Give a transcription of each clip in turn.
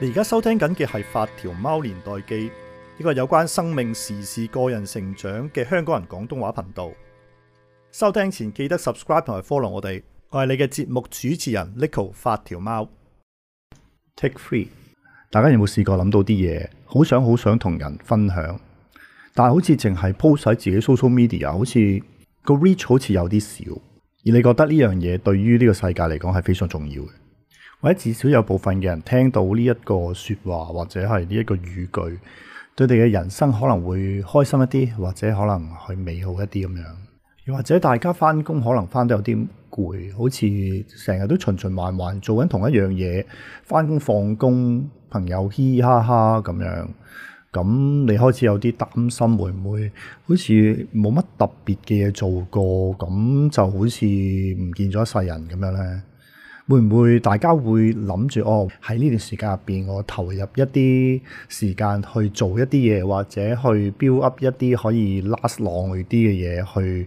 你而家收聽緊嘅係《發條貓年代記》，呢個有關生命、時事、個人成長嘅香港人廣東話頻道。收聽前記得 subscribe 同埋 follow 我哋。我係你嘅節目主持人 Neko 發條貓。Take free，大家有冇試過諗到啲嘢，好想好想同人分享，但係好似淨係 post 喺自己 social media，好似個 reach 好似有啲少。而你覺得呢樣嘢對於呢個世界嚟講係非常重要嘅？或者至少有部分嘅人聽到呢一個說話或者係呢一個語句，佢哋嘅人生可能會開心一啲，或者可能會美好一啲咁樣，又或者大家翻工可能翻得有啲攰，好似成日都循循環環做緊同一樣嘢，翻工放工，朋友嘻嘻哈哈咁樣，咁你開始有啲擔心會唔會好似冇乜特別嘅嘢做過，咁就好似唔見咗一世人咁樣咧？會唔會大家會諗住哦？喺呢段時間入邊，我投入一啲時間去做一啲嘢，或者去 build up 一啲可以 last long 啲嘅嘢，去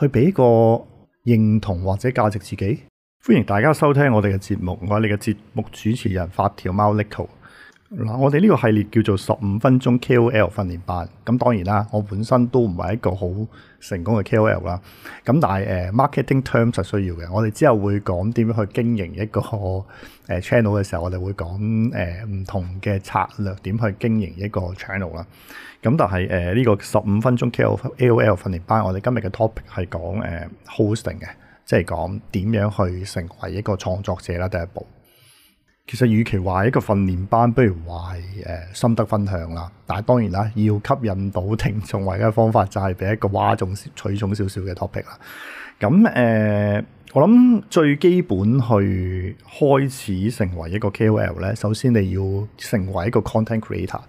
去俾個認同或者價值自己。歡迎大家收聽我哋嘅節目，我係你嘅節目主持人發條貓 Neko。嗱，我哋呢個系列叫做十五分鐘 KOL 訓練班，咁當然啦，我本身都唔係一個好成功嘅 KOL 啦。咁但係誒 marketing terms 係需要嘅，我哋之後會講點樣去經營一個誒 channel 嘅時候，我哋會講誒唔同嘅策略點去經營一個 channel 啦。咁但係誒呢個十五分鐘 KOL A O 訓練班，我哋今日嘅 topic 係講誒、呃、hosting 嘅，即係講點樣去成為一個創作者啦，第一步。其實，與其話一個訓練班，不如話係、呃、心得分享啦。但係當然啦，要吸引到聽眾，唯一方法就係、是、畀一個嘩眾取寵少少嘅 topic 啦。咁誒。呃我諗最基本去開始成為一個 KOL 咧，首先你要成為一個 content creator。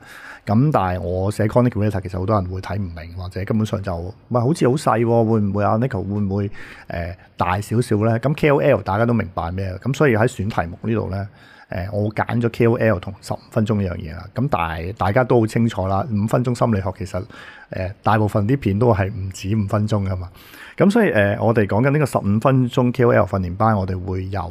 咁但係我寫 content creator 其實好多人會睇唔明，或者根本上就唔係好似好細，會唔會啊 Nico 會唔會誒大少少咧？咁 KOL 大家都明白咩？咁所以喺選題目呢度咧，誒我揀咗 KOL 同十五分鐘一樣嘢啦。咁但係大家都好清楚啦，五分鐘心理學其實。誒、呃、大部分啲片都係唔止五分鐘㗎嘛，咁所以誒、呃、我哋講緊呢個十五分鐘 KOL 訓練班，我哋會有誒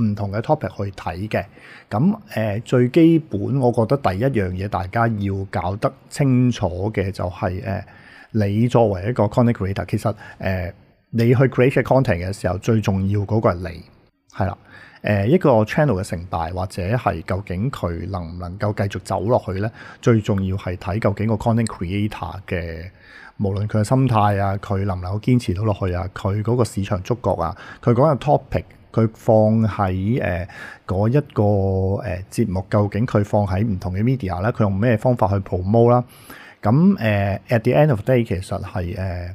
唔同嘅 topic 去睇嘅。咁誒、呃、最基本，我覺得第一樣嘢大家要搞得清楚嘅就係、是、誒、呃，你作為一個 content creator，其實誒、呃、你去 create 嘅 content 嘅時候，最重要嗰個係你，係啦。誒一個 channel 嘅成敗，或者係究竟佢能唔能夠繼續走落去咧？最重要係睇究竟個 content creator 嘅，無論佢嘅心態啊，佢能唔能夠堅持到落去啊，佢嗰個市場觸角啊，佢講嘅 topic，佢放喺誒嗰一個誒、呃、節目，究竟佢放喺唔同嘅 media 咧，佢用咩方法去 promote 啦，咁誒、呃、at the end of the day 其實係誒。呃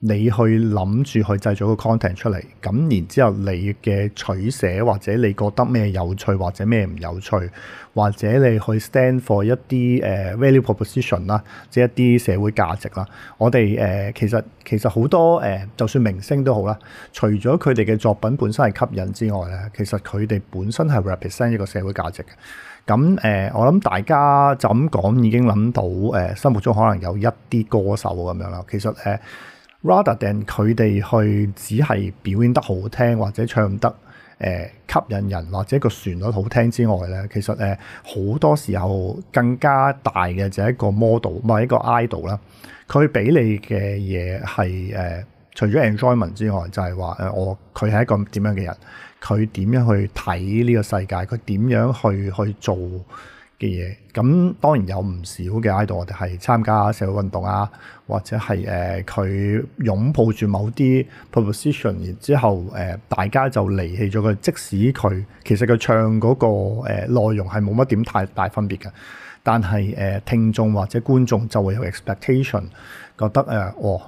你去諗住去製造個 content 出嚟，咁然之後你嘅取捨，或者你覺得咩有趣，或者咩唔有趣，或者你去 stand for 一啲誒、uh, value proposition 啦，即係一啲社會價值啦，我哋誒、uh, 其實其實好多誒，uh, 就算明星都好啦，除咗佢哋嘅作品本身係吸引之外咧，其實佢哋本身係 represent 一個社會價值嘅。咁誒，uh, 我諗大家就咁講已經諗到誒，心、uh, 目中可能有一啲歌手咁樣啦，其實誒。Uh, Rather than 佢哋去只係表演得好聽或者唱得誒、呃、吸引人或者個旋律好聽之外咧，其實誒好多時候更加大嘅就係一個 model 唔、呃、係一個 idol 啦。佢俾你嘅嘢係誒，除咗 enjoyment 之外，就係話誒我佢係一個點樣嘅人，佢點樣去睇呢個世界，佢點樣去去做。嘅嘢，咁當然有唔少嘅 idol，我哋係參加社會運動啊，或者係誒佢擁抱住某啲 position，然之後誒、呃、大家就離棄咗佢，即使佢其實佢唱嗰、那個誒呃、內容係冇乜點太大分別嘅，但係誒、呃、聽眾或者觀眾就會有 expectation，覺得誒、呃、哦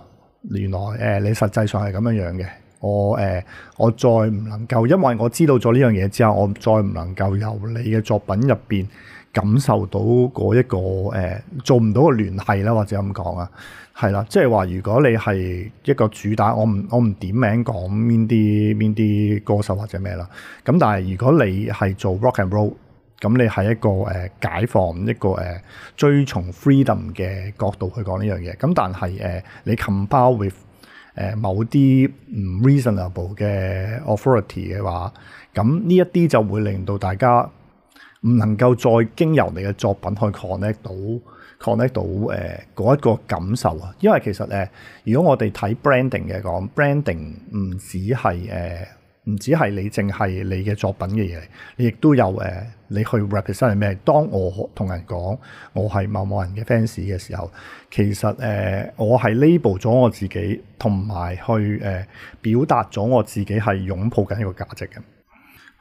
原來誒、呃、你實際上係咁樣樣嘅，我誒、呃、我再唔能夠，因為我知道咗呢樣嘢之後，我再唔能夠由你嘅作品入邊。感受到嗰、那、一個誒、呃、做唔到嘅聯繫啦，或者咁講啊，係啦，即係話如果你係一個主打，我唔我唔點名講邊啲邊啲歌手或者咩啦，咁但係如果你係做 rock and roll，咁、嗯、你喺一個誒、呃、解放一個誒、呃、追從 freedom 嘅角度去講呢樣嘢，咁但係誒、呃、你 compel with 誒、呃、某啲唔 reasonable 嘅 authority 嘅話，咁呢一啲就會令到大家。唔能夠再經由你嘅作品去 connect 到 connect 到誒嗰、uh, 一個感受啊！因為其實誒，如果我哋睇 branding 嘅講，branding 唔止係誒，唔止係你淨係你嘅作品嘅嘢，你亦都有誒，uh, 你去 represent 係咩？當我同人講我係某某人嘅 fans 嘅時候，其實誒，uh, 我係 label 咗我自己，同埋去誒、uh, 表達咗我自己係擁抱緊一個價值嘅。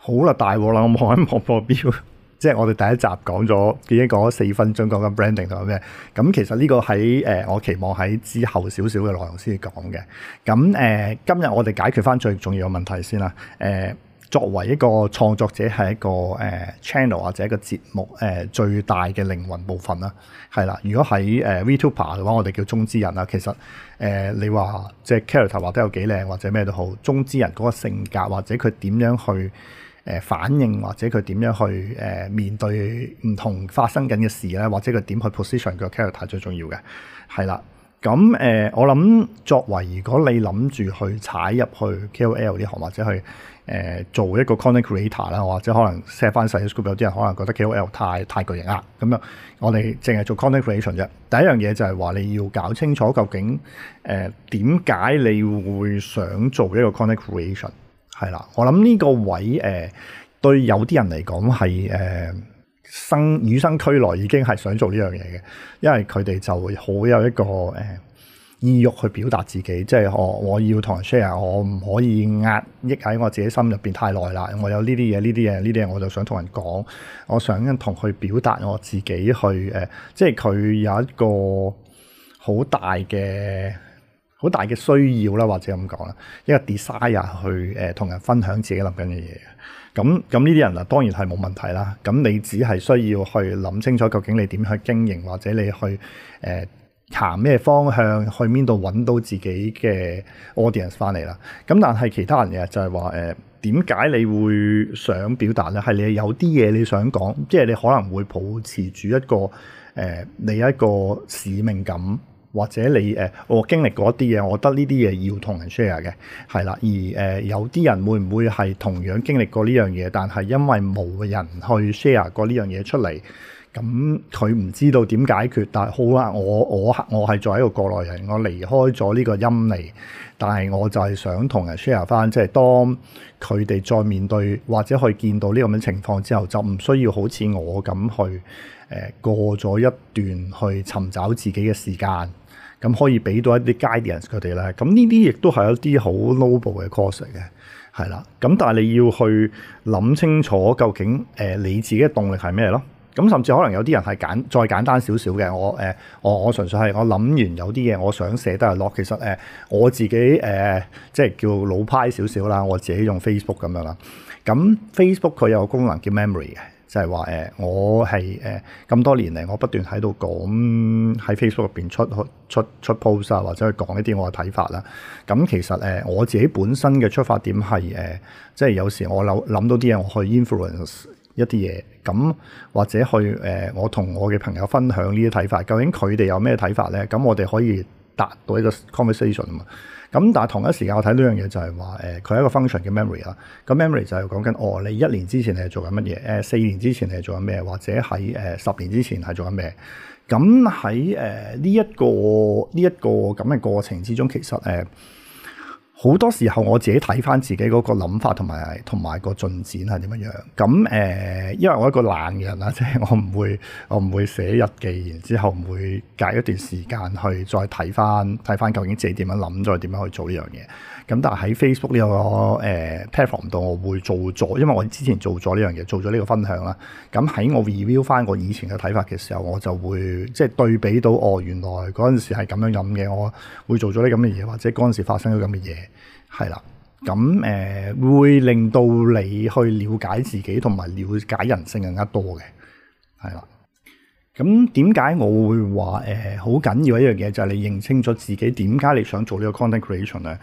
好啦，大鑊啦！我望一望個目標。即係我哋第一集講咗，已經講咗四分鐘講緊 branding 同埋咩？咁其實呢個喺誒，我期望喺之後少少嘅內容先講嘅。咁誒，今日我哋解決翻最重要嘅問題先啦。誒，作為一個創作者係一個誒 channel 或者一個節目誒最大嘅靈魂部分啦。係啦，如果喺誒 VTuber 嘅話，我哋叫中之人啦。其實誒，你話即係 character 話得有幾靚或者咩都好，中之人嗰個性格或者佢點樣去？誒、呃、反應或者佢點樣去誒、呃、面對唔同發生緊嘅事咧，或者佢點去 position 佢個 character，最重要嘅，係啦。咁、嗯、誒、呃，我諗作為如果你諗住去踩入去 KOL 呢行，或者去誒、呃、做一個 content creator 啦，或者可能 set 翻細啲 scope，有啲人可能覺得 KOL 太太巨型啦，咁樣我哋淨係做 content creation 啫。第一樣嘢就係話你要搞清楚究竟誒點解你會想做一個 content creation。係啦，我諗呢個位誒、呃，對有啲人嚟講係誒生與生俱來已經係想做呢樣嘢嘅，因為佢哋就會好有一個誒、呃、意欲去表達自己，即係我我要同人 share，我唔可以壓抑喺我自己心入邊太耐啦，我有呢啲嘢、呢啲嘢、呢啲嘢，我就想同人講，我想同佢表達我自己去誒、呃，即係佢有一個好大嘅。好大嘅需要啦，或者咁講啦，一個 desire 去誒同、呃、人分享自己諗緊嘅嘢嘅。咁咁呢啲人啊，當然係冇問題啦。咁你只係需要去諗清楚，究竟你點去經營，或者你去誒行咩方向，去邊度揾到自己嘅 audience 翻嚟啦。咁但係其他人嘅就係話誒，點、呃、解你會想表達咧？係你有啲嘢你想講，即係你可能會保持住一個誒、呃、你一個使命感。或者你誒、呃，我經歷過一啲嘢，我覺得呢啲嘢要同人 share 嘅，係啦。而誒、呃、有啲人會唔會係同樣經歷過呢樣嘢？但係因為冇人去 share 過呢樣嘢出嚟，咁佢唔知道點解決。但係好啦，我我我係作為一個過來人，我離開咗呢個陰嚟。但係我就係想同人 share 翻，即係當佢哋再面對或者去見到呢咁樣情況之後，就唔需要好似我咁去誒、呃、過咗一段去尋找自己嘅時間。咁可以俾到一啲 guidance 佢哋咧，咁呢啲亦都係一啲好 noble 嘅 course 嚟嘅，係啦。咁但係你要去諗清楚究竟誒、呃、你自己嘅動力係咩咯？咁甚至可能有啲人係簡再簡單少少嘅，我誒、呃、我我純粹係我諗完有啲嘢我想寫得落，其實誒、呃、我自己誒、呃、即係叫老派少少啦，我自己用 Facebook 咁樣啦。咁 Facebook 佢有個功能叫 memory 嘅。就係話誒，我係誒咁多年嚟，我不斷喺度講喺 Facebook 入邊出出出，出 post 啊，或者去講一啲我嘅睇法啦。咁、啊、其實誒、呃、我自己本身嘅出發點係誒、呃，即係有時我諗諗到啲嘢，我去 influence 一啲嘢，咁、啊、或者去誒、呃、我同我嘅朋友分享呢啲睇法。究竟佢哋有咩睇法咧？咁、啊嗯、我哋可以。達到一個 conversation 啊嘛，咁但係同一時間我睇呢樣嘢就係話，誒佢係一個 function 嘅 memory 啦。個 memory 就係講緊，哦你一年之前你係做緊乜嘢？誒、呃、四年之前你係做緊咩？或者喺誒、呃、十年之前你係做緊咩？咁喺誒呢一個呢一個咁嘅過程之中，其實誒。呃好多時候我自己睇翻自己嗰個諗法同埋同埋個進展係點樣？咁誒、呃，因為我一個懶人啦，即係我唔會我唔會寫日記，然之後唔會隔一段時間去再睇翻睇翻究竟自己點樣諗，再點樣去做呢樣嘢。咁但係喺 Facebook 呢、呢個誒 platform 度，呃、 我會做咗，因為我之前做咗呢樣嘢，做咗呢個分享啦。咁喺我 review 翻我以前嘅睇法嘅時候，我就會即係對比到哦，原來嗰陣時係咁樣諗嘅，我會做咗啲咁嘅嘢，或者嗰陣時發生咗咁嘅嘢，係啦。咁誒、呃、會令到你去了解自己同埋了解人性更加多嘅，係啦。咁點解我會話誒好緊要一樣嘢，就係你認清楚自己點解你想做呢個 content creation 咧？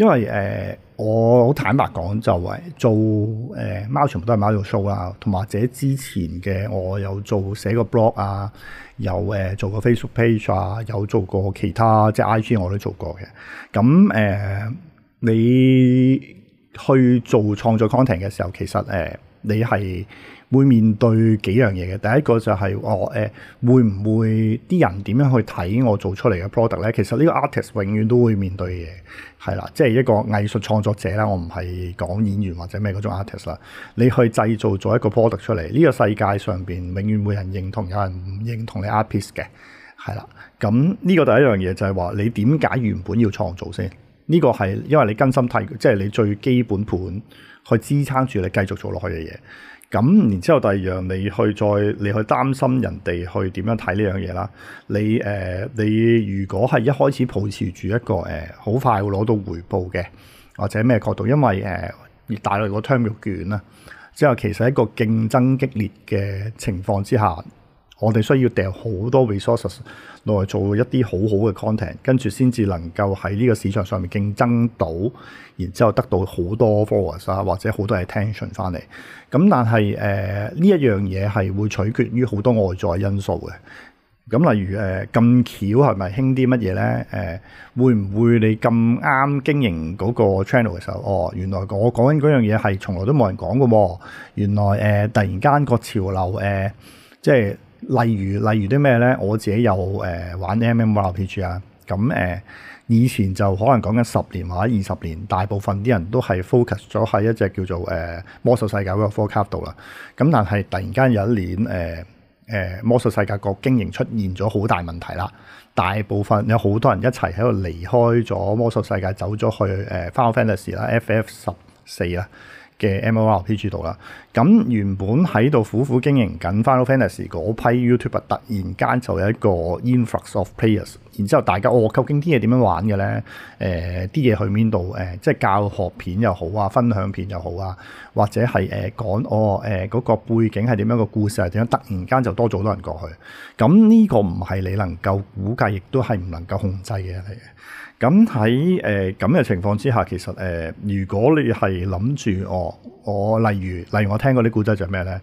因為誒、呃，我好坦白講，就係做誒貓全部都係貓做 show 啦，同埋或者之前嘅我有做寫個 blog 啊，有誒、呃、做個 Facebook page 啊，有做過其他即係 IG 我都做過嘅。咁誒、呃，你去做創作 content 嘅時候，其實誒、呃，你係。會面對幾樣嘢嘅，第一個就係我誒會唔會啲人點樣去睇我做出嚟嘅 product 咧？其實呢個 artist 永遠都會面對嘅，係啦，即係一個藝術創作者啦。我唔係講演員或者咩嗰種 artist 啦。你去製造咗一個 product 出嚟，呢、呢個世界上邊永遠會有人認同，有人唔認同你 artist 嘅，係啦。咁、嗯、呢、呢個第一樣嘢就係話你點解原本要創造先？呢、呢個係因為你根深蒂，即係你最基本盤去支撐住你繼續做落去嘅嘢。咁，然之後第二樣，你去再，你去擔心人哋去點樣睇呢樣嘢啦。你誒、呃，你如果係一開始抱持住一個誒，好、呃、快會攞到回報嘅，或者咩角度？因為誒、呃，大陸個 term 券啦，之後其實一個競爭激烈嘅情況之下。我哋需要掟好多 resources 來做一啲好好嘅 content，跟住先至能夠喺呢個市場上面競爭到，然之後得到好多 followers 啊，或者好多嘅 attention 翻嚟。咁但係誒呢一樣嘢係會取決於好多外在因素嘅。咁、嗯、例如誒咁、呃、巧係咪興啲乜嘢咧？誒、呃、會唔會你咁啱經營嗰個 channel 嘅時候，哦，原來我講緊嗰樣嘢係從來都冇人講嘅喎。原來誒、呃、突然間個潮流誒、呃、即係。例如例如啲咩咧？我自己有誒、呃、玩啲 MMORPG 遊戲啊。咁誒以前就可能講緊十年或者二十年，大部分啲人都係 focus 咗喺一隻叫做誒、呃《魔獸世界》嗰個 Forge c a 度啦。咁但係突然間有一年誒誒、呃呃《魔獸世界》個經營出現咗好大問題啦，大部分有好多人一齊喺度離開咗《魔獸世界》走，走咗去誒《Final Fantasy》啦，《FF 十四》。啊。FF14，啊嘅 MORPG 度啦，咁原本喺度苦苦經營緊 Final Fantasy 嗰批 YouTuber，突然間就有一個 influx of players，然之後大家哦，究竟啲嘢點樣玩嘅咧？誒、呃，啲嘢去邊度？誒、呃，即係教學片又好啊，分享片又好啊，或者係誒講哦誒嗰、呃那個背景係點樣，個故事係點樣？突然間就多咗好多人過去，咁呢個唔係你能夠估計，亦都係唔能夠控制嘅嚟嘅。咁喺誒咁嘅情況之下，其實誒、呃，如果你係諗住哦，我例如例如我聽過啲古仔，就係咩咧？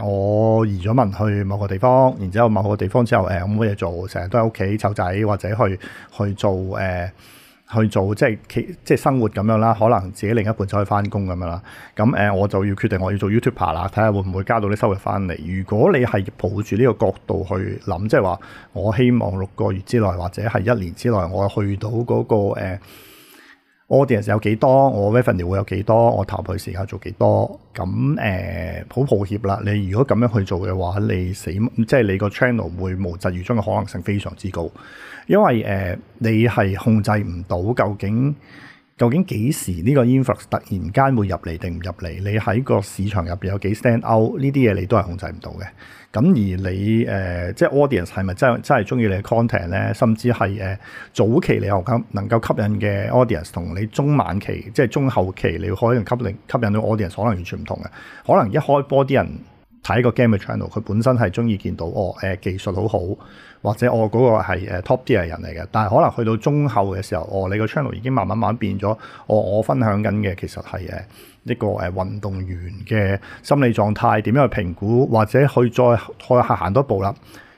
誒，我移咗民去某個地方，然之後某個地方之後誒，冇、呃、乜嘢做，成日都喺屋企湊仔，或者去去做誒，呃去做即係即係生活咁樣啦，可能自己另一半走去翻工咁樣啦，咁誒、呃、我就要決定我要做 YouTuber 啦，睇下會唔會加到啲收入翻嚟。如果你係抱住呢個角度去諗，即係話我希望六個月之內或者係一年之內，我去到嗰、那個、呃我 audience 有幾多，我 revenue 會有幾多，我投入時間做幾多，咁誒好抱歉啦。你如果咁樣去做嘅話，你死即係你個 channel 會無疾而終嘅可能性非常之高，因為誒、呃、你係控制唔到究竟。究竟幾時呢個 influx 突然間會入嚟定唔入嚟？你喺個市場入邊有幾 stand out？呢啲嘢你都係控制唔到嘅。咁而你誒、呃，即係 audience 係咪真真係中意你嘅 content 咧？甚至係誒、呃、早期你又吸能夠吸引嘅 audience，同你中晚期即係中後期你要開動吸引吸引到 audience，可能完全唔同嘅。可能一開波啲人睇個 game 嘅 channel，佢本身係中意見到哦誒、呃、技術好好。或者我嗰、哦嗰個係、uh, top tier 人嚟嘅，但係可能去到中後嘅時候，哦，你個 channel 已經慢慢慢變咗。哦，我分享緊嘅其實係誒一個誒運動員嘅心理狀態點樣去評估，或者去再開下行多一步啦。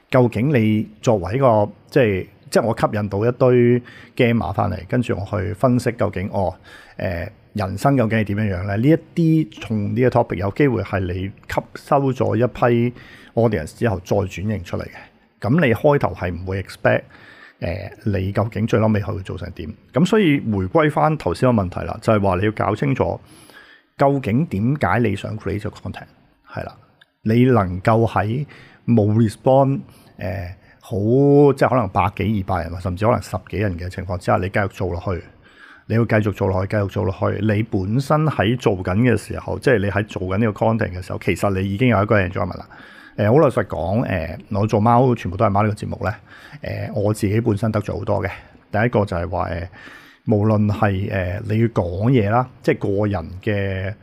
究竟你作為一個即係即係我吸引到一堆 gym 馬翻嚟，跟住我去分析究竟哦誒、呃、人生究竟係點樣樣咧？呢一啲從呢個 topic 有機會係你吸收咗一批 audience 之後再轉型出嚟嘅。咁你開頭係唔會 expect 誒、呃、你究竟最嬲尾佢做成點？咁所以回歸返頭先個問題啦，就係、是、話你要搞清楚究竟點解你想 create a content 係啦？你能夠喺冇 respond、呃、好即係可能百幾二百人，甚至可能十幾人嘅情況之下，你繼續做落去，你要繼續做落去，繼續做落去。你本身喺做緊嘅時候，即係你喺做緊呢個 content 嘅時候，其實你已經有一個 engagement 啦。誒，好老實講，誒、呃，我做貓全部都係貓呢個節目咧。誒、呃，我自己本身得咗好多嘅。第一個就係話誒，無論係誒、呃、你要講嘢啦，即係個人嘅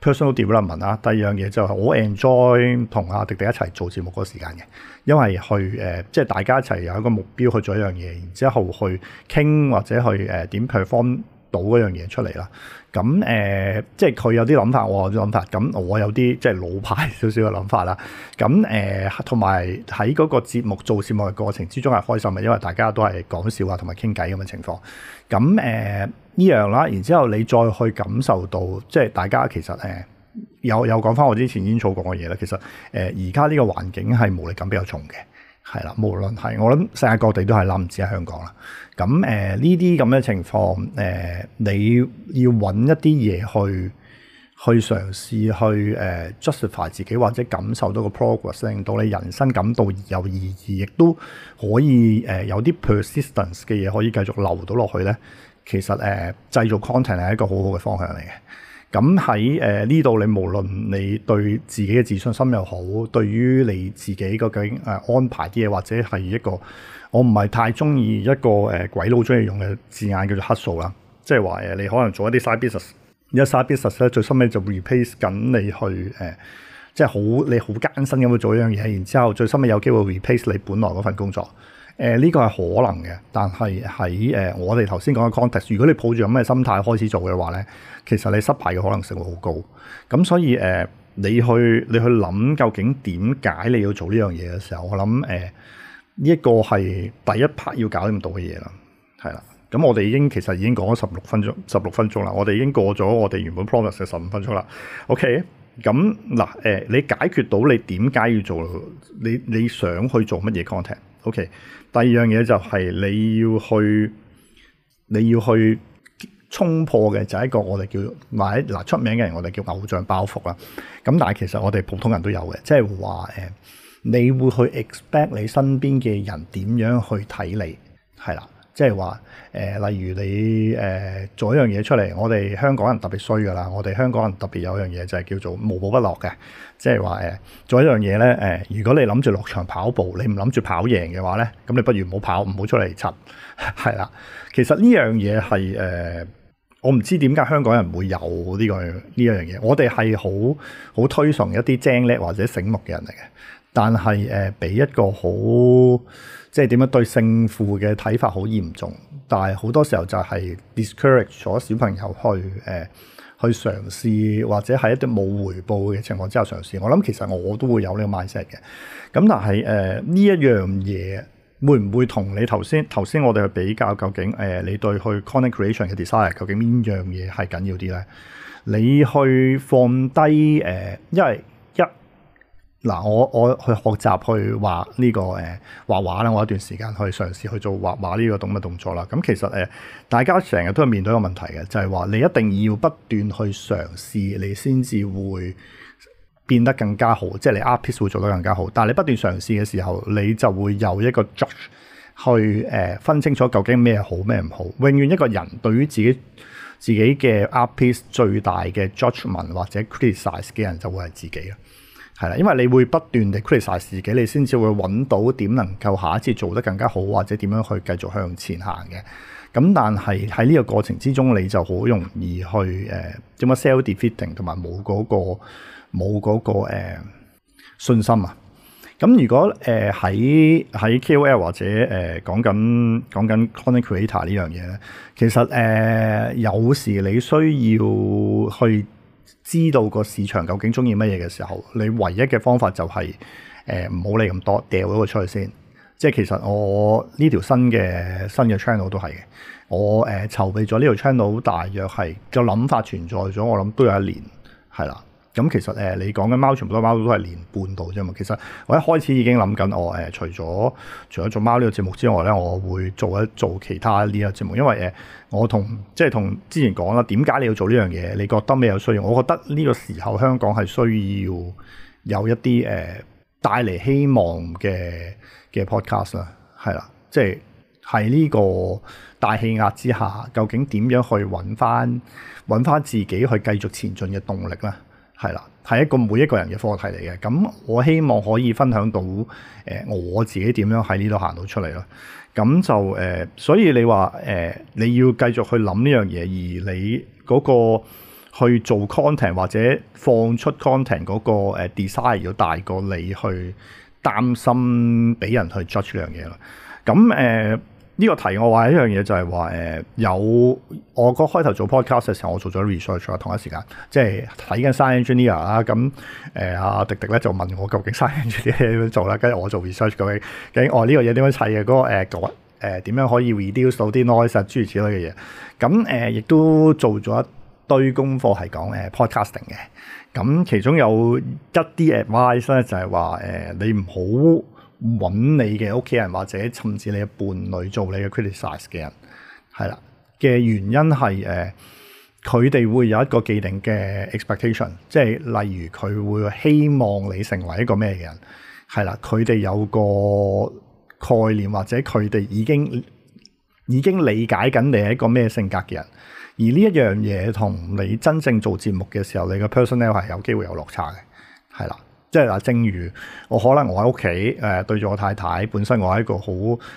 personal development 啦。第二樣嘢就係我 enjoy 同阿迪，迪迪一齊做節目嗰個時間嘅，因為去誒、呃，即係大家一齊有一個目標去做一樣嘢，然之後去傾或者去誒點 perform。呃到嗰樣嘢出嚟啦，咁誒、呃、即係佢有啲諗法，我有啲諗法，咁我有啲即係老派少少嘅諗法啦。咁誒同埋喺嗰個節目做節目嘅過程之中係開心嘅，因為大家都係講笑啊，同埋傾偈咁嘅情況。咁誒呢樣啦，然之後你再去感受到即係大家其實誒、呃、有有講翻我之前煙草講嘅嘢啦，其實誒而家呢個環境係無力感比較重嘅。係啦，無論係我諗世界各地都係冧，唔止喺香港啦。咁誒呢啲咁嘅情況，誒、呃、你要揾一啲嘢去去嘗試去誒、呃、justify 自己或者感受到個 progress，令到你人生感到有意義，亦都可以誒、呃、有啲 persistence 嘅嘢可以繼續留到落去咧。其實誒、呃、製造 content 係一個好好嘅方向嚟嘅。咁喺誒呢度，你無論你對自己嘅自信心又好，對於你自己究竟誒安排啲嘢，或者係一個我唔係太中意一個誒、呃、鬼佬中意用嘅字眼叫做 hustle 啦。即係話誒，你可能做一啲 side business，而家 side business 咧，最深尾就 replace 緊你去誒、呃，即係好你好艱辛咁去做一樣嘢，然之後最深尾有機會 replace 你本來嗰份工作。誒呢、呃這個係可能嘅，但係喺誒我哋頭先講嘅 context，如果你抱住咁嘅心態開始做嘅話咧，其實你失敗嘅可能性會好高。咁所以誒、呃，你去你去諗究竟點解你要做呢樣嘢嘅時候，我諗誒呢一個係第一 part 要搞掂到嘅嘢啦，係啦。咁我哋已經其實已經講咗十六分鐘，十六分鐘啦，我哋已經過咗我哋原本 promise 嘅十五分鐘啦。OK，咁嗱誒，你解決到你點解要做？你你想去做乜嘢 content？OK，第二樣嘢就係你要去，你要去衝破嘅就係一個我哋叫，嗱嗱出名嘅人我哋叫偶像包袱啦。咁但係其實我哋普通人都有嘅，即係話誒你會去 expect 你身邊嘅人點樣去睇你，係啦。即係話，誒、呃，例如你誒、呃、做一樣嘢出嚟，我哋香港人特別衰噶啦。我哋香港人特別有樣嘢就係叫做無寶不落嘅。即係話，誒、呃，做一樣嘢咧，誒、呃，如果你諗住落場跑步，你唔諗住跑贏嘅話咧，咁你不如唔好跑，唔好出嚟。插。係啦，其實呢樣嘢係誒，我唔知點解香港人會有呢、這個呢樣嘢。我哋係好好推崇一啲精叻或者醒目嘅人嚟嘅，但係誒俾一個好。即係點樣對勝負嘅睇法好嚴重，但係好多時候就係 discourage 咗小朋友去誒、呃、去嘗試，或者係一啲冇回報嘅情況之下嘗試。我諗其實我都會有呢個 mindset 嘅。咁但係誒呢一樣嘢，會唔會同你頭先頭先我哋去比較？究竟誒、呃、你對佢 content creation 嘅 desire，究竟邊樣嘢係緊要啲咧？你去放低誒、呃，因為。嗱，我我去學習去畫呢個誒畫畫啦。我一段時間去嘗試去做畫畫呢個動物動作啦。咁其實誒，大家成日都係面對一個問題嘅，就係話你一定要不斷去嘗試，你先至會變得更加好，即係你 art piece 會做得更加好。但係你不斷嘗試嘅時候，你就會有一個 judge 去誒分清楚究竟咩好咩唔好。永遠一個人對於自己自己嘅 art piece 最大嘅 judgement 或者 criticize 嘅人就會係自己啊。係啦，因為你會不斷地 criticize 自己，你先至會揾到點能夠下一次做得更加好，或者點樣去繼續向前行嘅。咁但係喺呢個過程之中，你就好容易去誒點、呃、樣 self-defeating 同埋冇嗰、那個冇嗰、那個、呃、信心啊。咁如果誒喺、呃、喺 KOL 或者誒、呃、講緊講緊 content creator 呢樣嘢咧，其實誒、呃、有時你需要去。知道個市場究竟鍾意乜嘢嘅時候，你唯一嘅方法就係誒唔好理咁多，掉咗佢出去先。即係其實我呢條新嘅新嘅 channel 都係嘅，我誒、呃、籌備咗呢條 channel 大約係個諗法存在咗，我諗都有一年係啦。咁其實誒，你講嘅貓，全部都貓都係年半度啫嘛。其實我一開始已經諗緊我誒、呃，除咗除咗做貓呢個節目之外咧，我會做一做其他呢啲嘅節目，因為誒、呃、我同即係同之前講啦，點解你要做呢樣嘢？你覺得咩有需要？我覺得呢個時候香港係需要有一啲誒、呃、帶嚟希望嘅嘅 podcast 啦，係啦，即係喺呢個大氣壓之下，究竟點樣去揾翻揾翻自己去繼續前進嘅動力咧？係啦，係一個每一個人嘅課題嚟嘅。咁我希望可以分享到誒、呃、我自己點樣喺呢度行到出嚟咯。咁就誒、呃，所以你話誒、呃，你要繼續去諗呢樣嘢，而你嗰個去做 content 或者放出 content 嗰個 desire 要大過你去擔心俾人去 judge 呢樣嘢啦。咁誒。呃呢個題我話一樣嘢就係話誒有我個開頭做 podcast 嘅時候，我做咗 research 喺同一時間，即係睇緊 science engineer 啊，咁誒阿迪迪咧就問我究竟 science engineer 點樣做啦，跟住我做 research 究竟究竟、哦、我呢、這個嘢點樣砌嘅，嗰、那個誒講誒點樣可以 reduce 到啲 noise 啊？諸如此類嘅嘢，咁誒亦都做咗一堆功課係講誒 podcasting 嘅，咁、呃、其中有一啲 advice 咧就係話誒你唔好，揾你嘅屋企人或者甚至你嘅伴侶做你嘅 criticize 嘅人，係啦，嘅原因係誒佢哋會有一個既定嘅 expectation，即係例如佢會希望你成為一個咩嘅人，係啦，佢哋有個概念或者佢哋已經已經理解緊你係一個咩性格嘅人，而呢一樣嘢同你真正做節目嘅時候，你嘅 personnel 係有機會有落差嘅，係啦。即係話，正如我可能我喺屋企誒對住我太太，本身我係一個好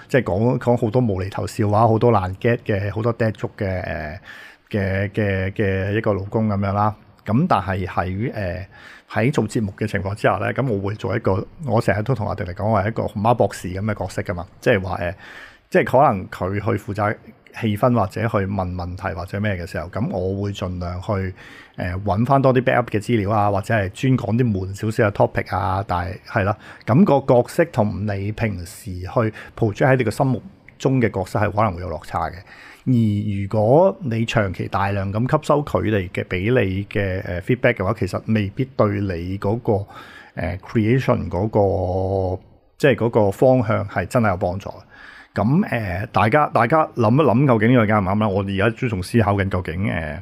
即係講講好多無厘頭笑話、好多爛 get 嘅、好多 dad joke 嘅誒嘅嘅嘅一個老公咁樣啦。咁但係喺誒喺做節目嘅情況之下咧，咁我會做一個我成日都同阿迪嚟講，我係一個熊貓博士咁嘅角色噶嘛。即係話誒，即係可能佢去負責。氣氛或者去問問題或者咩嘅時候，咁我會盡量去誒揾翻多啲 backup 嘅資料啊，或者係專講啲悶少少嘅 topic 啊。但係係咯，咁個角色同你平時去 project 喺你個心目中嘅角色係可能會有落差嘅。而如果你長期大量咁吸收佢哋嘅俾你嘅誒 feedback 嘅話，其實未必對你嗰個 creation 嗰個即係嗰個方向係真係有幫助。咁誒，大家大家諗一諗，究竟呢個啱唔啱啦？我哋而家注重思考緊，究竟誒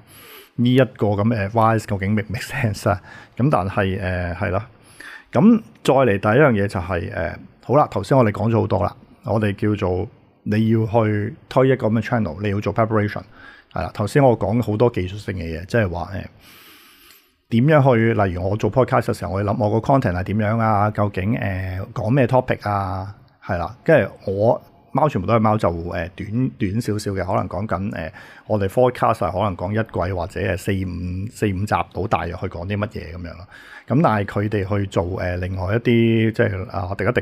呢、呃、一個咁嘅 advice 究竟 make sense 啊？咁但係誒係啦。咁、呃啊、再嚟第一樣嘢就係、是、誒、啊、好啦。頭先我哋講咗好多啦，我哋叫做你要去推一個咁嘅 channel，你要做 preparation 係啦。頭先我講好多技術性嘅嘢，即係話誒點樣去，例如我做 podcast 嘅時候，我諗我個 content 係點樣啊？究竟誒講、呃、咩 topic 啊？係啦，跟住我。貓全部都係貓，就誒短短少少嘅，可能講緊誒我哋 forecast 可能講一季或者誒四五四五集到，大約去講啲乜嘢咁樣咯。咁但係佢哋去做誒、呃、另外一啲即係啊，滴一滴。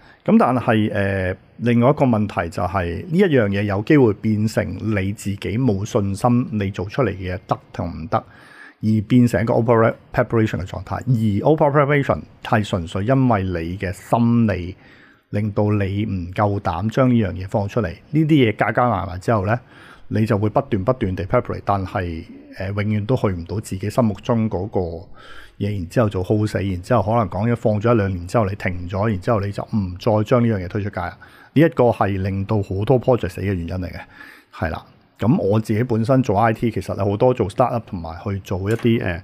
咁但係誒、呃，另外一個問題就係、是、呢一樣嘢有機會變成你自己冇信心，你做出嚟嘅嘢得同唔得，而變成一個 oper preparation 嘅狀態。而 oper preparation 係純粹因為你嘅心理令到你唔夠膽將呢樣嘢放出嚟。呢啲嘢加加埋埋之後咧。你就會不斷不斷地 prepare，但係誒、呃、永遠都去唔到自己心目中嗰個嘢，然之後就耗死，然之後可能講嘢放咗一兩年之後你停咗，然之後你就唔再將呢樣嘢推出界啦。呢、這、一個係令到好多 project 死嘅原因嚟嘅，係啦。咁我自己本身做 IT，其實有好多做 startup 同埋去做一啲誒、呃、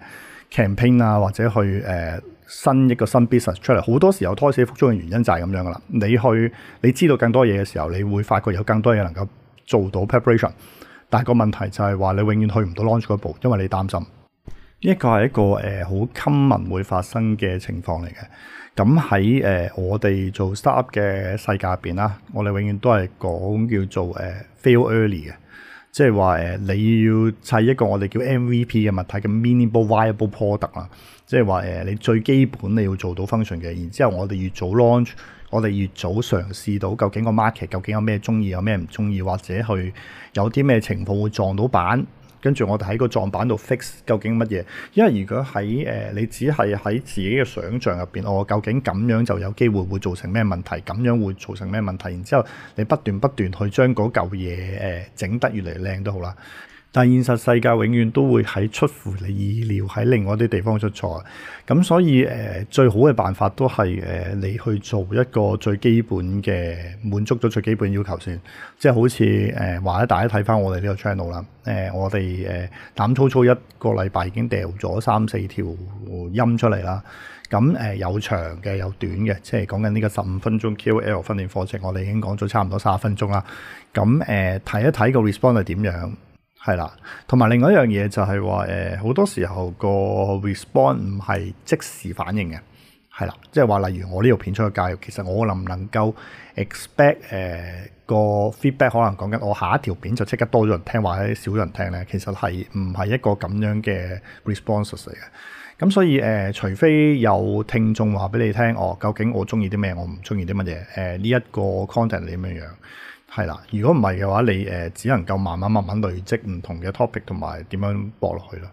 campaign 啊，或者去誒、呃、新一個新 business 出嚟，好多時候開始復甦胎死腹中嘅原因就係咁樣噶啦。你去你知道更多嘢嘅時候，你會發覺有更多嘢能夠做到 preparation，但係個問題就係話你永遠去唔到 launch 嗰步，因為你擔心。呢一個係一、呃、個誒好 common 會發生嘅情況嚟嘅。咁喺誒我哋做 startup 嘅世界入邊啦，我哋永遠都係講叫做誒、呃、fail early 嘅，即係話誒你要砌一個我哋叫 MVP 嘅物體嘅 minimum viable product 啦，即係話誒你最基本你要做到 function 嘅，然之後我哋要做 launch。我哋越早嘗試到究竟個 market 究竟有咩中意，有咩唔中意，或者去有啲咩情況會撞到板，跟住我哋喺個撞板度 fix 究竟乜嘢。因為如果喺誒、呃、你只係喺自己嘅想像入邊，我、哦、究竟咁樣就有機會會造成咩問題，咁樣會造成咩問題，然之後你不斷不斷去將嗰嚿嘢誒整得越嚟越靚都好啦。但係現實世界永遠都會喺出乎你意料喺另外啲地方出錯，咁所以誒、呃、最好嘅辦法都係誒、呃、你去做一個最基本嘅滿足咗最基本要求先，即係好似誒話咧，大家睇翻我哋呢個 channel 啦，誒、呃、我哋誒膽粗粗一個禮拜已經掉咗三四條音出嚟啦，咁、呃、誒、呃、有長嘅有短嘅，即係講緊呢個十五分鐘 KOL 訓練課程，我哋已經講咗差唔多三十分鐘啦，咁誒睇一睇個 response 係點樣。係啦，同埋另外一樣嘢就係話誒，好、呃、多時候個 response 唔係即時反應嘅，係啦，即係話例如我呢度片出嘅咗街，其實我能唔能夠 expect 誒、呃那個 feedback 可能講緊我下一條片就即刻多咗人聽，或者少咗人聽咧，其實係唔係一個咁樣嘅 responses 嚟嘅？咁所以誒、呃，除非有聽眾話俾你聽，我、哦、究竟我中意啲咩，我唔中意啲乜嘢，誒呢一個 content 點樣樣？係啦，如果唔係嘅話，你誒、呃、只能夠慢慢慢慢累積唔同嘅 topic 同埋點樣播落去啦。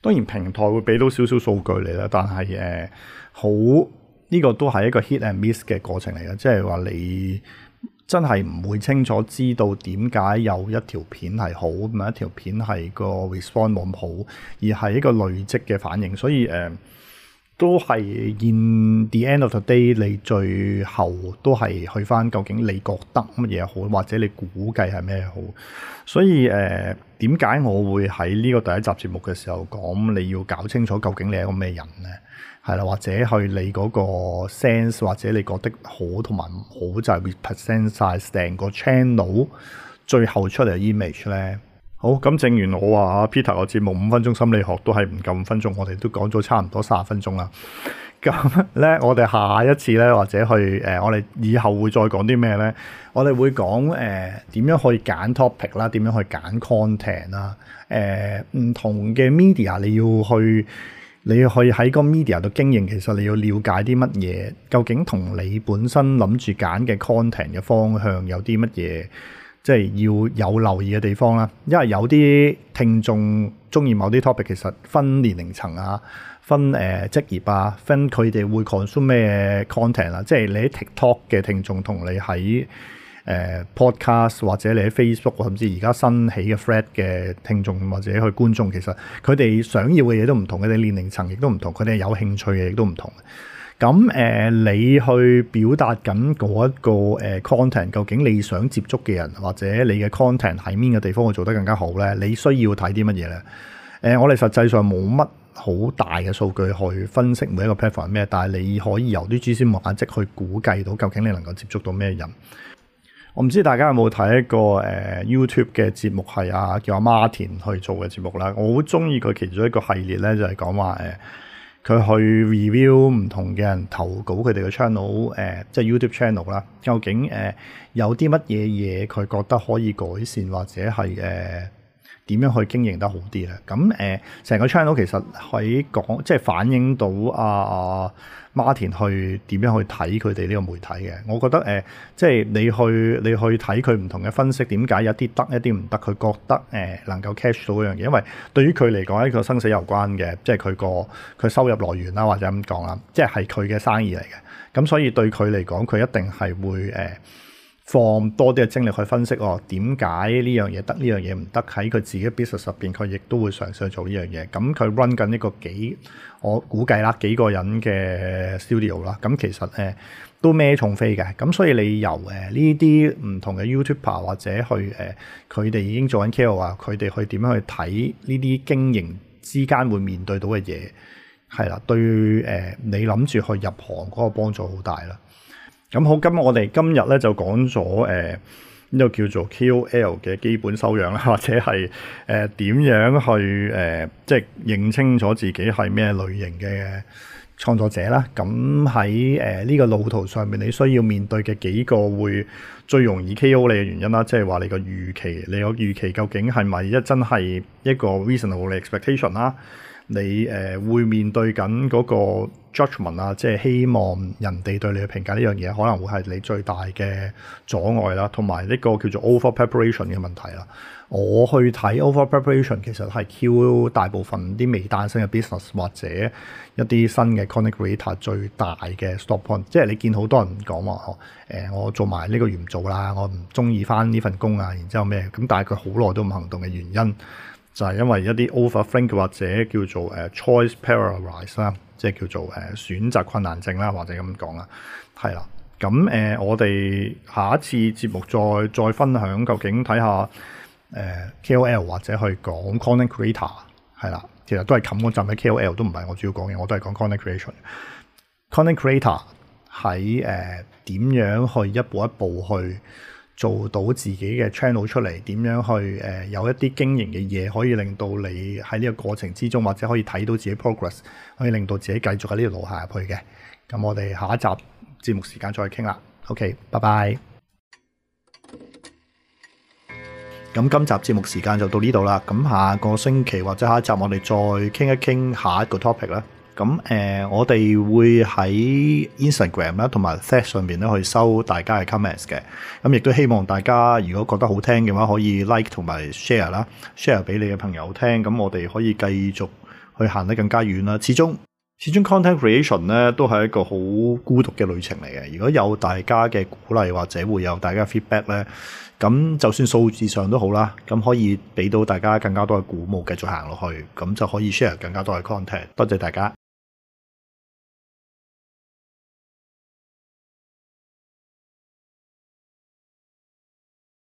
當然平台會俾到少少數據你啦，但係誒、呃、好呢、呢個都係一個 hit and miss 嘅過程嚟嘅，即係話你真係唔會清楚知道點解有一條片係好，咁樣一條片係個 response 冇咁好，好，而係一個累積嘅反應。所以誒、呃都係，in the end of the day，你最後都係去翻究竟你覺得乜嘢好，或者你估計係咩好。所以誒，點解我會喺呢個第一集節目嘅時候講你要搞清楚究竟你係一個咩人咧？係啦，或者去你嗰個 sense，或者你覺得好同埋唔好就係會 present 曬定個 channel 最後出嚟嘅 image 咧。好咁，正如我話 Peter 個節目五分鐘心理學都係唔夠五分鐘，我哋都講咗差唔多三十分鐘啦。咁咧，我哋下一次咧，或者去誒、呃，我哋以後會再講啲咩咧？我哋會講誒點樣去揀 topic 啦，點樣去揀 content 啦。誒，唔同嘅 media 你要去，你要去喺個 media 度經營，其實你要了解啲乜嘢？究竟同你本身諗住揀嘅 content 嘅方向有啲乜嘢？即係要有留意嘅地方啦，因為有啲聽眾中意某啲 topic，其實分年齡層啊，分誒職業啊，分佢哋會 consume 咩 content 啊。即係你喺 TikTok 嘅聽眾，同你喺誒 podcast 或者你喺 Facebook 甚至而家新起嘅 Thread 嘅聽眾或者去觀眾，其實佢哋想要嘅嘢都唔同，佢哋年齡層亦都唔同，佢哋有興趣嘅亦都唔同。咁誒、嗯，你去表達緊嗰一個誒 content，究竟你想接觸嘅人，或者你嘅 content 喺邊個地方會做得更加好咧？你需要睇啲乜嘢咧？誒、嗯，我哋實際上冇乜好大嘅數據去分析每一個 platform 係咩，但係你可以由啲蛛絲馬跡去估計到究竟你能夠接觸到咩人。我唔知大家有冇睇一個誒 YouTube 嘅節目係啊，叫阿 Martin 去做嘅節目啦。我好中意佢其中一個系列咧，就係講話誒。呃佢去 review 唔同嘅人投稿佢哋嘅 channel，誒，即係 YouTube channel 啦。究竟誒、呃、有啲乜嘢嘢佢覺得可以改善或者係誒點樣去經營得好啲咧？咁誒，成、呃、個 channel 其實喺講即係反映到啊。Martin 去點樣去睇佢哋呢個媒體嘅？我覺得誒、呃，即係你去你去睇佢唔同嘅分析，點解有啲得一啲唔得？佢覺得誒能夠 catch 到嗰樣嘢，因為對於佢嚟講係一個生死有關嘅，即係佢個佢收入來源啦，或者咁講啦，即係係佢嘅生意嚟嘅。咁所以對佢嚟講，佢一定係會誒，呃放多啲嘅精力去分析哦，點解呢樣嘢得呢樣嘢唔得？喺佢自己嘅 business 入邊，佢亦都會嘗試去做呢樣嘢。咁佢 run 緊一個幾，我估計啦，幾個人嘅 studio 啦、嗯。咁其實誒、嗯、都孭重飛嘅。咁、嗯、所以你由誒呢啲唔同嘅 YouTuber 或者去誒，佢、呃、哋已經做緊 KOL 啊，佢哋去點樣去睇呢啲經營之間會面對到嘅嘢，係啦，對誒、呃、你諗住去入行嗰個幫助好大啦。咁好，今日我哋今日咧就講咗誒呢個叫做 KOL 嘅基本修養啦，或者係誒點樣去誒、呃、即係認清楚自己係咩類型嘅創作者啦。咁喺誒呢個路途上面，你需要面對嘅幾個會最容易 KO 你嘅原因啦，即係話你個預期，你個預期究竟係咪一真係一個 reasonable expectation 啦、啊？你誒會面對緊嗰個 judgement 啊，即係希望人哋對你嘅評價呢樣嘢，可能會係你最大嘅阻礙啦，同埋呢個叫做 over preparation 嘅問題啦。我去睇 over preparation 其實係 Q、o、大部分啲未誕生嘅 business 或者一啲新嘅 connector 最大嘅 stop point。即係你見好多人講喎，誒、哦呃、我做埋呢個月唔做啦，我唔中意返呢份工啊，然之後咩？咁但係佢好耐都唔行動嘅原因，就係因為一啲 overflank 或者叫做誒 choice paralyse 啦，ized, 即係叫做誒選擇困難症啦，或者咁講啦，係啦。咁誒、呃，我哋下一次節目再再分享，究竟睇下誒、呃、KOL 或者去講 content creator 係啦。其實都係冚嗰陣嘅 KOL 都唔係我主要講嘅，我都係講 content creation。content creator 喺誒點樣去一步一步去做到自己嘅 channel 出嚟，點樣去誒、呃、有一啲經營嘅嘢，可以令到你喺呢個過程之中，或者可以睇到自己 progress，可以令到自己繼續喺呢條路下落去嘅。咁我哋下一集節目時間再傾啦。OK，拜拜。咁今集節目時間就到呢度啦。咁下個星期或者下一集我哋再傾一傾下一個 topic 啦。咁誒、呃，我哋會喺 Instagram 啦，同埋 Facebook 上面咧去收大家嘅 comments 嘅。咁亦都希望大家如果覺得好聽嘅話，可以 like 同埋 share 啦，share 俾你嘅朋友聽。咁我哋可以繼續去行得更加遠啦。始終始終 content creation 咧都係一個好孤獨嘅旅程嚟嘅。如果有大家嘅鼓勵或者會有大家 feedback 咧，咁就算數字上都好啦，咁可以俾到大家更加多嘅鼓舞，繼續行落去，咁就可以 share 更加多嘅 content。多謝大家。